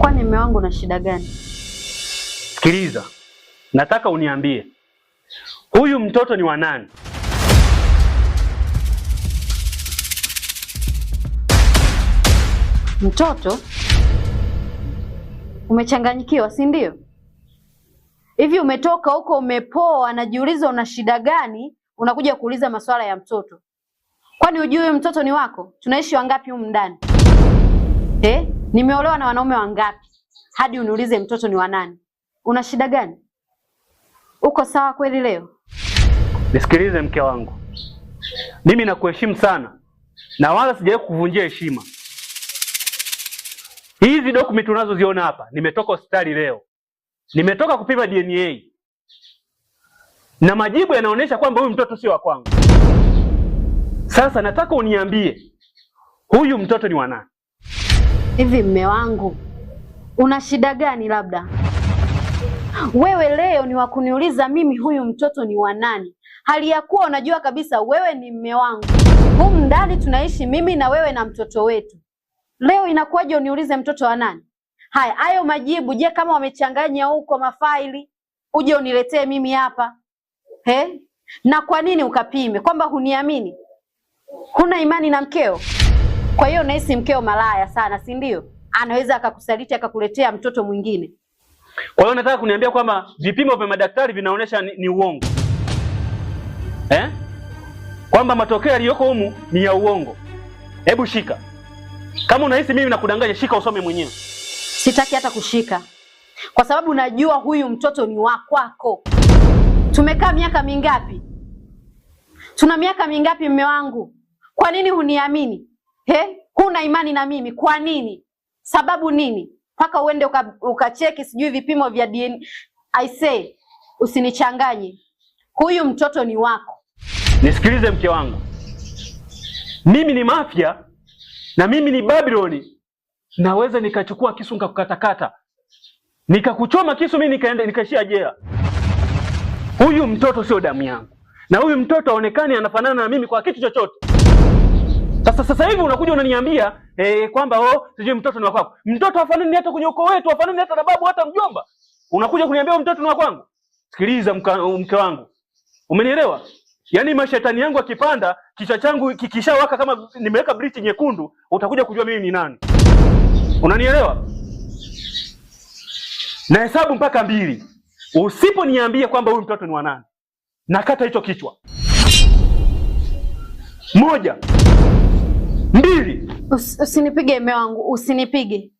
Kwani mume wangu na shida gani? Sikiliza, nataka uniambie huyu mtoto ni wa nani? Mtoto? Umechanganyikiwa, si ndio? Hivi umetoka huko umepoa, najiuliza una shida gani, unakuja kuuliza masuala ya mtoto? Kwani hujui huyu mtoto ni wako? Tunaishi wangapi humu ndani eh? Nimeolewa na wanaume wangapi hadi uniulize mtoto ni wa nani? Una shida gani? Uko sawa kweli leo? Nisikilize mke wangu, mimi nakuheshimu sana na wala sijawahi kukuvunjia heshima. Hizi dokumenti unazoziona hapa, nimetoka hospitali leo, nimetoka kupima DNA na majibu yanaonyesha kwamba huyu mtoto sio wa kwangu. Sasa nataka uniambie huyu mtoto ni wa nani? Hivi mme wangu una shida gani? Labda wewe leo ni wa kuniuliza mimi huyu mtoto ni wa nani, hali ya kuwa unajua kabisa wewe ni mme wangu. Humu ndani tunaishi mimi na wewe na mtoto wetu. Leo inakuwaje uniulize mtoto wa nani? Haya, hayo majibu, je, kama wamechanganya huko mafaili uje uniletee mimi hapa he? Na kwa nini ukapime kwamba huniamini? Huna imani na mkeo? Kwa hiyo unahisi mkeo malaya sana, si ndio? Anaweza akakusaliti akakuletea mtoto mwingine. Kwa hiyo unataka kuniambia kwamba vipimo vya madaktari vinaonyesha ni, ni uongo eh? Kwamba matokeo yaliyoko humu ni ya uongo. Hebu shika, kama unahisi mimi nakudanganya, shika usome mwenyewe. Sitaki hata kushika, kwa sababu najua huyu mtoto ni wa kwako. Tumekaa miaka mingapi? Tuna miaka mingapi, mme wangu? Kwa nini huniamini? He? Eh? Huna imani na mimi kwa nini? Sababu nini? Mpaka uende ukacheki uka sijui vipimo vya DNA. I say usinichanganye, huyu mtoto ni wako. Nisikilize mke wangu, mimi ni Mafia na mimi ni Babiloni. Naweza nikachukua kisu nikakukatakata, nikakuchoma kisu, mimi nikaenda nikaishia jela. Huyu mtoto sio damu yangu, na huyu mtoto aonekani anafanana na mimi kwa kitu chochote. Sasa sasa hivi unakuja unaniambia eh, kwamba oh, sijui mtoto ni wa kwako. Mtoto hafanani hata kwenye ukoo wetu, hafanani hata na babu hata mjomba. Unakuja kuniambia mtoto ni wa kwangu. Sikiliza mke wangu. Umenielewa? Yaani mashetani yangu akipanda, kichwa changu kikishawaka kama nimeweka bliti nyekundu, utakuja kujua mimi ni nani. Unanielewa? Na hesabu mpaka mbili. Usiponiambia kwamba huyu mtoto ni wa nani, nakata hicho kichwa. Moja. Usinipige mewangu, wangu, usinipige.